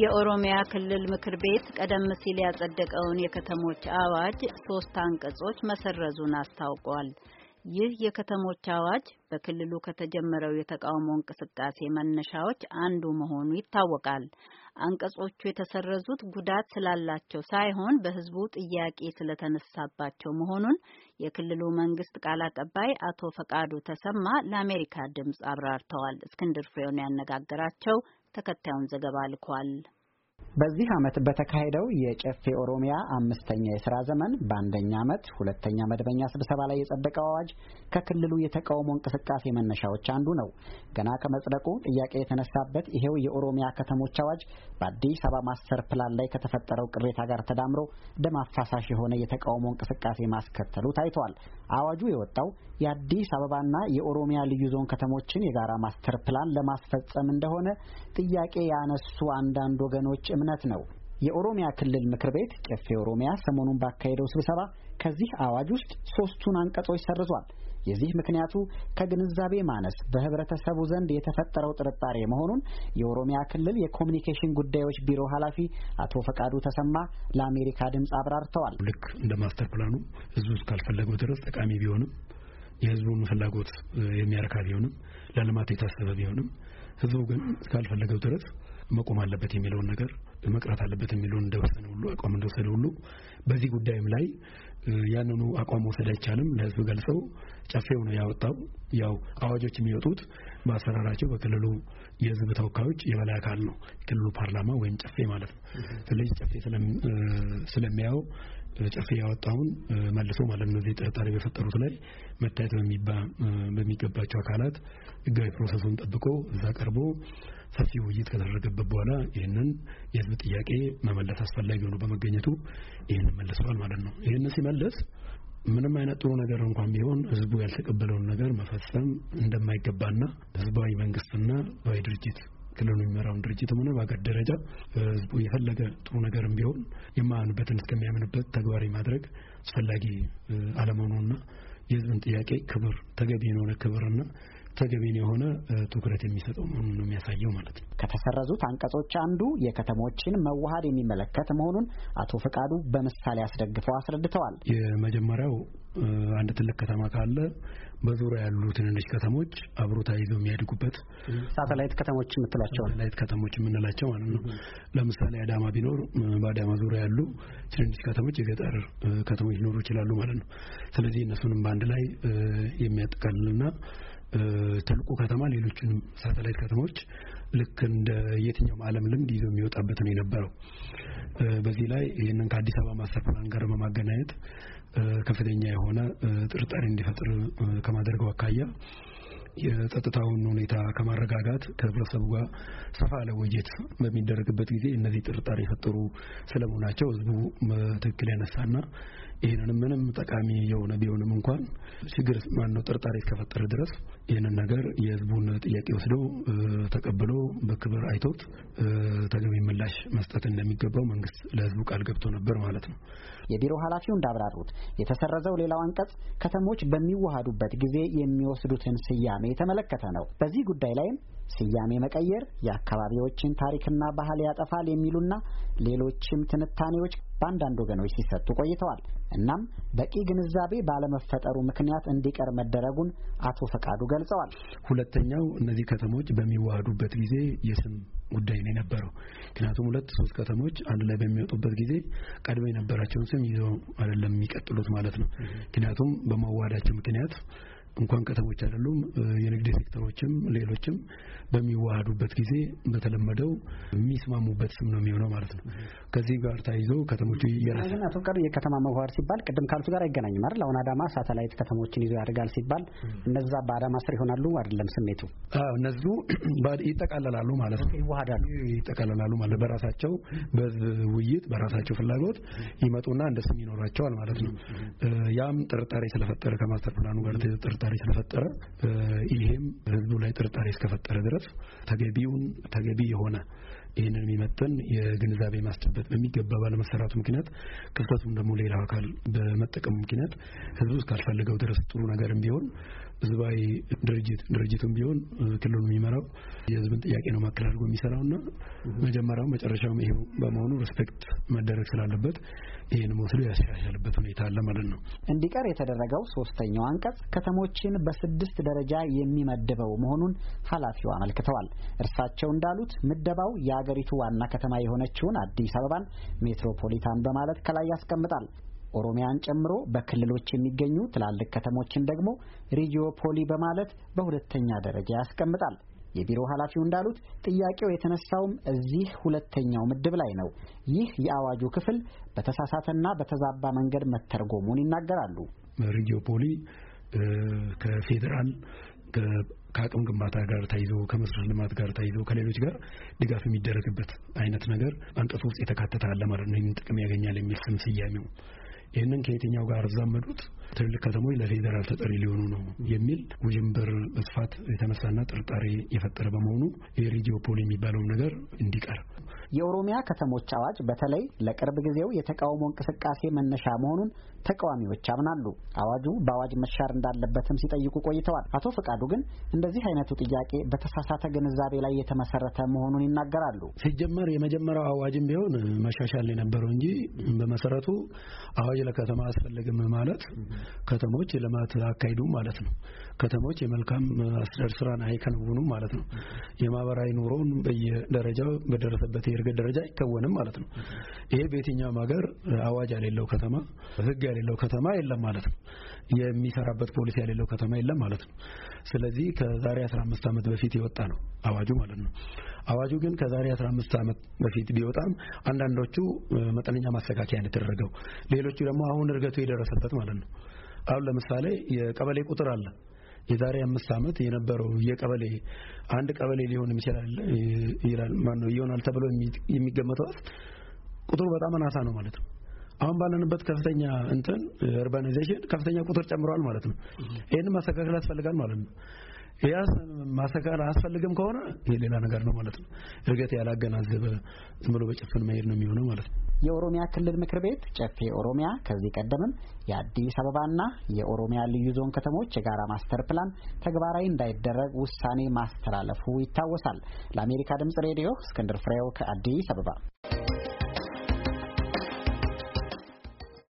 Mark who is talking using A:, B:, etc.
A: የኦሮሚያ ክልል ምክር ቤት ቀደም ሲል ያጸደቀውን የከተሞች አዋጅ ሶስት አንቀጾች መሰረዙን አስታውቋል። ይህ የከተሞች አዋጅ በክልሉ ከተጀመረው የተቃውሞ እንቅስቃሴ መነሻዎች አንዱ መሆኑ ይታወቃል። አንቀጾቹ የተሰረዙት ጉዳት ስላላቸው ሳይሆን በሕዝቡ ጥያቄ ስለተነሳባቸው መሆኑን የክልሉ መንግስት ቃል አቀባይ አቶ ፈቃዱ ተሰማ ለአሜሪካ ድምፅ አብራርተዋል። እስክንድር ፍሬውን ያነጋገራቸው ተከታዩን ዘገባ ልኳል። በዚህ ዓመት በተካሄደው የጨፌ ኦሮሚያ አምስተኛ የስራ ዘመን በአንደኛ ዓመት ሁለተኛ መደበኛ ስብሰባ ላይ የጸደቀው አዋጅ ከክልሉ የተቃውሞ እንቅስቃሴ መነሻዎች አንዱ ነው። ገና ከመጽደቁ ጥያቄ የተነሳበት ይሄው የኦሮሚያ ከተሞች አዋጅ በአዲስ አበባ ማስተር ፕላን ላይ ከተፈጠረው ቅሬታ ጋር ተዳምሮ ደም አፋሳሽ የሆነ የተቃውሞ እንቅስቃሴ ማስከተሉ ታይቷል። አዋጁ የወጣው የአዲስ አበባና የኦሮሚያ ልዩ ዞን ከተሞችን የጋራ ማስተር ፕላን ለማስፈጸም እንደሆነ ጥያቄ ያነሱ አንዳንድ ወገኖች እምነት ነው። የኦሮሚያ ክልል ምክር ቤት ጨፌ ኦሮሚያ ሰሞኑን ባካሄደው ስብሰባ ከዚህ አዋጅ ውስጥ ሶስቱን አንቀጾች ሰርዟል። የዚህ ምክንያቱ ከግንዛቤ ማነስ በህብረተሰቡ ዘንድ የተፈጠረው ጥርጣሬ መሆኑን የኦሮሚያ ክልል የኮሚኒኬሽን ጉዳዮች ቢሮ ኃላፊ አቶ ፈቃዱ ተሰማ ለአሜሪካ ድምፅ አብራርተዋል።
B: ልክ እንደ ማስተር ፕላኑ ህዝቡ እስካልፈለገው ድረስ ጠቃሚ ቢሆንም የህዝቡን ፍላጎት የሚያርካ ቢሆንም ለልማት የታሰበ ቢሆንም ህዝቡ ግን እስካልፈለገው ድረስ መቆም አለበት የሚለውን ነገር መቅረት አለበት የሚለውን እንደወሰነ ሁሉ አቋም እንደወሰደ ሁሉ በዚህ ጉዳይም ላይ ያንኑ አቋም መውሰድ አይቻልም። ለህዝብ ገልጸው ጨፌው ነው ያወጣው። ያው አዋጆች የሚወጡት በአሰራራቸው በክልሉ የህዝብ ተወካዮች የበላይ አካል ነው፣ የክልሉ ፓርላማ ወይም ጨፌ ማለት ነው። ስለዚህ ጨፌ ስለሚያየው ጥፍ ያወጣውን መልሶ ማለት ነው እዚህ ጥርጣሬ በፈጠሩት ላይ መታየት በሚገባቸው አካላት ህጋዊ ፕሮሰሱን ጠብቆ እዛ ቀርቦ ሰፊ ውይይት ከተደረገበት በኋላ ይህንን የህዝብ ጥያቄ መመለስ አስፈላጊ ሆኖ በመገኘቱ ይህንን መልሰዋል ማለት ነው። ይህንን ሲመለስ ምንም አይነት ጥሩ ነገር እንኳን ቢሆን ህዝቡ ያልተቀበለውን ነገር መፈጸም እንደማይገባና ህዝባዊ መንግስትና ህዝባዊ ድርጅት ክልሉ የሚመራውን ድርጅትም ሆነ በሀገር ደረጃ ህዝቡ የፈለገ ጥሩ ነገርም ቢሆን የማያምንበትን እስከሚያምንበት ተግባራዊ ማድረግ አስፈላጊ አለመሆኑና የህዝብን ጥያቄ ክብር ተገቢ የሆነ ክብርና ተገቢን የሆነ ትኩረት የሚሰጠው መሆኑን ነው የሚያሳየው ማለት ነው።
A: ከተሰረዙት አንቀጾች አንዱ የከተሞችን መዋሃድ የሚመለከት መሆኑን አቶ ፈቃዱ በምሳሌ አስደግፈው አስረድተዋል።
B: የመጀመሪያው አንድ ትልቅ ከተማ ካለ በዙሪያ ያሉ ትንንሽ ከተሞች አብሮ ተያይዘው የሚያድጉበት ሳተላይት ከተሞች የምትሏቸው ሳተላይት ከተሞች የምንላቸው ማለት ነው። ለምሳሌ አዳማ ቢኖር በአዳማ ዙሪያ ያሉ ትንንሽ ከተሞች የገጠር ከተሞች ሊኖሩ ይችላሉ ማለት ነው። ስለዚህ እነሱንም በአንድ ላይ የሚያጠቃልልና ትልቁ ከተማ ሌሎችንም ሳተላይት ከተሞች ልክ እንደ የትኛውም ዓለም ልምድ ይዞ የሚወጣበት ነው የነበረው። በዚህ ላይ ይህንን ከአዲስ አበባ ማስተር ፕላን ጋር በማገናኘት ከፍተኛ የሆነ ጥርጣሬ እንዲፈጥር ከማድረገው አካያ የጸጥታውን ሁኔታ ከማረጋጋት ከህብረተሰቡ ጋር ሰፋ ያለ ውይይት በሚደረግበት ጊዜ እነዚህ ጥርጣሬ የፈጠሩ ስለመሆናቸው ህዝቡ ትክክል ያነሳና ይህንንም ምንም ጠቃሚ የሆነ ቢሆንም እንኳን ችግር ማነው ጥርጣሬ እስከፈጠረ ድረስ ይህንን ነገር የህዝቡን ጥያቄ ወስዶ ተቀብሎ በክብር አይቶት ተገቢ ምላሽ መስጠት እንደሚገባው መንግስት ለህዝቡ ቃል ገብቶ ነበር ማለት ነው።
A: የቢሮ ኃላፊው እንዳብራሩት የተሰረዘው ሌላው አንቀጽ ከተሞች በሚዋሃዱበት ጊዜ የሚወስዱትን ስያ ። ስያሜ የተመለከተ ነው። በዚህ ጉዳይ ላይም ስያሜ መቀየር የአካባቢዎችን ታሪክና ባህል ያጠፋል የሚሉና ሌሎችም ትንታኔዎች በአንዳንድ ወገኖች ሲሰጡ ቆይተዋል። እናም በቂ ግንዛቤ ባለመፈጠሩ ምክንያት እንዲቀር መደረጉን አቶ ፈቃዱ ገልጸዋል።
B: ሁለተኛው እነዚህ ከተሞች በሚዋሃዱበት ጊዜ የስም ጉዳይ ነው የነበረው። ምክንያቱም ሁለት ሶስት ከተሞች አንድ ላይ በሚወጡበት ጊዜ ቀድሞ የነበራቸውን ስም ይዘው አይደለም የሚቀጥሉት ማለት ነው። ምክንያቱም በመዋሃዳቸው ምክንያት እንኳን ከተሞች አይደሉም የንግድ ሴክተሮችም ሌሎችም በሚዋሃዱበት ጊዜ በተለመደው የሚስማሙበት ስም ነው የሚሆነው ማለት ነው። ከዚህ ጋር ተያይዞ ከተሞቹ ይራሳል።
A: አቶ ፍቃዱ የከተማ መዋሃድ ሲባል ቅድም ካልኩ ጋር አይገናኝም አይደል? አሁን አዳማ ሳተላይት ከተሞችን ይዞ ያደርጋል ሲባል እነዛ በአዳማ ስር ይሆናሉ አይደለም? ስሜቱ
B: አዎ፣ እነሱ ይጠቃለላሉ ማለት ነው። ይዋሃዳሉ፣ ይጠቃለላሉ ማለት በራሳቸው በህዝብ ውይይት በራሳቸው ፍላጎት ይመጡና እንደ ስም ይኖራቸዋል ማለት ነው። ያም ጥርጣሬ ስለፈጠረ ከማስተር ፕላኑ ጋር ጥርጣሬ ስለፈጠረ ይሄም በህዝቡ ላይ ጥርጣሬ እስከፈጠረ ድረስ ተገቢውን ተገቢ የሆነ ይህንን የሚመጥን የግንዛቤ ማስጨበጥ በሚገባ ባለመሰራቱ ምክንያት ክፍተቱም ደግሞ ሌላ አካል በመጠቀሙ ምክንያት ህዝቡ እስካልፈልገው ድረስ ጥሩ ነገርም ቢሆን ህዝባዊ ድርጅት ድርጅቱም ቢሆን ክልሉ የሚመራው የህዝብን ጥያቄ ነው ማከል አድርጎ የሚሰራውና መጀመሪያው መጨረሻውም ይሄው በመሆኑ ሪስፔክት መደረግ ስላለበት ይህን መውሰዱ ያሻሻልበት ሁኔታ አለ ማለት ነው።
A: እንዲቀር የተደረገው ሶስተኛው አንቀጽ ከተሞችን በስድስት ደረጃ የሚመድበው መሆኑን ኃላፊው አመልክተዋል። እርሳቸው እንዳሉት ምደባው የአገሪቱ ዋና ከተማ የሆነችውን አዲስ አበባን ሜትሮፖሊታን በማለት ከላይ ያስቀምጣል። ኦሮሚያን ጨምሮ በክልሎች የሚገኙ ትላልቅ ከተሞችን ደግሞ ሪጂዮ ፖሊ በማለት በሁለተኛ ደረጃ ያስቀምጣል። የቢሮ ኃላፊው እንዳሉት ጥያቄው የተነሳውም እዚህ ሁለተኛው ምድብ ላይ ነው። ይህ የአዋጁ ክፍል በተሳሳተና በተዛባ መንገድ መተርጎሙን ይናገራሉ።
B: ሪጂዮ ፖሊ ከፌዴራል ከአቅም ግንባታ ጋር ተይዞ ከመሰረተ ልማት ጋር ተይዞ ከሌሎች ጋር ድጋፍ የሚደረግበት አይነት ነገር አንቀጽ ውስጥ የተካተተ አለ ማለት ነው። ይህንን ጥቅም ያገኛል የሚል ስም ስያሜው ይህንን ከየትኛው ጋር ዘመዱት? ትልልቅ ከተሞች ለፌዴራል ተጠሪ ሊሆኑ ነው የሚል ውዥንብር በስፋት የተነሳና ጥርጣሬ የፈጠረ በመሆኑ ይህ ፖል የሚባለውን ነገር እንዲቀር
A: የኦሮሚያ ከተሞች አዋጅ በተለይ ለቅርብ ጊዜው የተቃውሞ እንቅስቃሴ መነሻ መሆኑን ተቃዋሚዎች ያምናሉ። አዋጁ በአዋጅ መሻር እንዳለበትም ሲጠይቁ ቆይተዋል። አቶ ፈቃዱ ግን እንደዚህ አይነቱ ጥያቄ በተሳሳተ ግንዛቤ ላይ የተመሰረተ መሆኑን ይናገራሉ።
B: ሲጀመር የመጀመሪያው አዋጅም ቢሆን መሻሻል የነበረው እንጂ በመሰረቱ አዋጅ ለከተማ አስፈልግም ማለት ከተሞች ልማት አካሂዱ ማለት ነው። ከተሞች የመልካም አስተዳደር ስራን አይከነውኑ ማለት ነው። የማህበራዊ ኑሮውን በየደረጃው በደረሰበት በእድገት ደረጃ አይከወንም ማለት ነው። ይሄ በየትኛውም ሀገር አዋጅ ያሌለው ከተማ፣ ህግ ያሌለው ከተማ የለም ማለት ነው። የሚሰራበት ፖሊሲ ያሌለው ከተማ የለም ማለት ነው። ስለዚህ ከዛሬ 15 ዓመት በፊት የወጣ ነው አዋጁ ማለት ነው። አዋጁ ግን ከዛሬ 15 ዓመት በፊት ቢወጣም አንዳንዶቹ መጠነኛ ማስተካከያ የተደረገው፣ ሌሎቹ ደግሞ አሁን እድገቱ የደረሰበት ማለት ነው። አሁን ለምሳሌ የቀበሌ ቁጥር አለ የዛሬ አምስት ዓመት የነበረው የቀበሌ አንድ ቀበሌ ሊሆን ይችላል ይላል ነው ይሆናል ተብሎ የሚገመተው ቁጥሩ በጣም አናሳ ነው ማለት ነው። አሁን ባለንበት ከፍተኛ እንትን ኡርባናይዜሽን ከፍተኛ ቁጥር ጨምሯል ማለት ነው። ይሄንን ማስተካከል ያስፈልጋል ማለት ነው። ያ ማሰካር አስፈልግም ከሆነ የሌላ ነገር ነው ማለት ነው። እርግጥ ያላገናዘበ ዝም ብሎ በጭፍን መሄድ ነው የሚሆነው ማለት ነው።
A: የኦሮሚያ ክልል ምክር ቤት ጨፌ ኦሮሚያ ከዚህ ቀደምም የአዲስ አበባና የኦሮሚያ ልዩ ዞን ከተሞች የጋራ ማስተር ፕላን ተግባራዊ እንዳይደረግ ውሳኔ ማስተላለፉ ይታወሳል። ለአሜሪካ ድምጽ ሬዲዮ እስክንድር ፍሬው ከአዲስ አበባ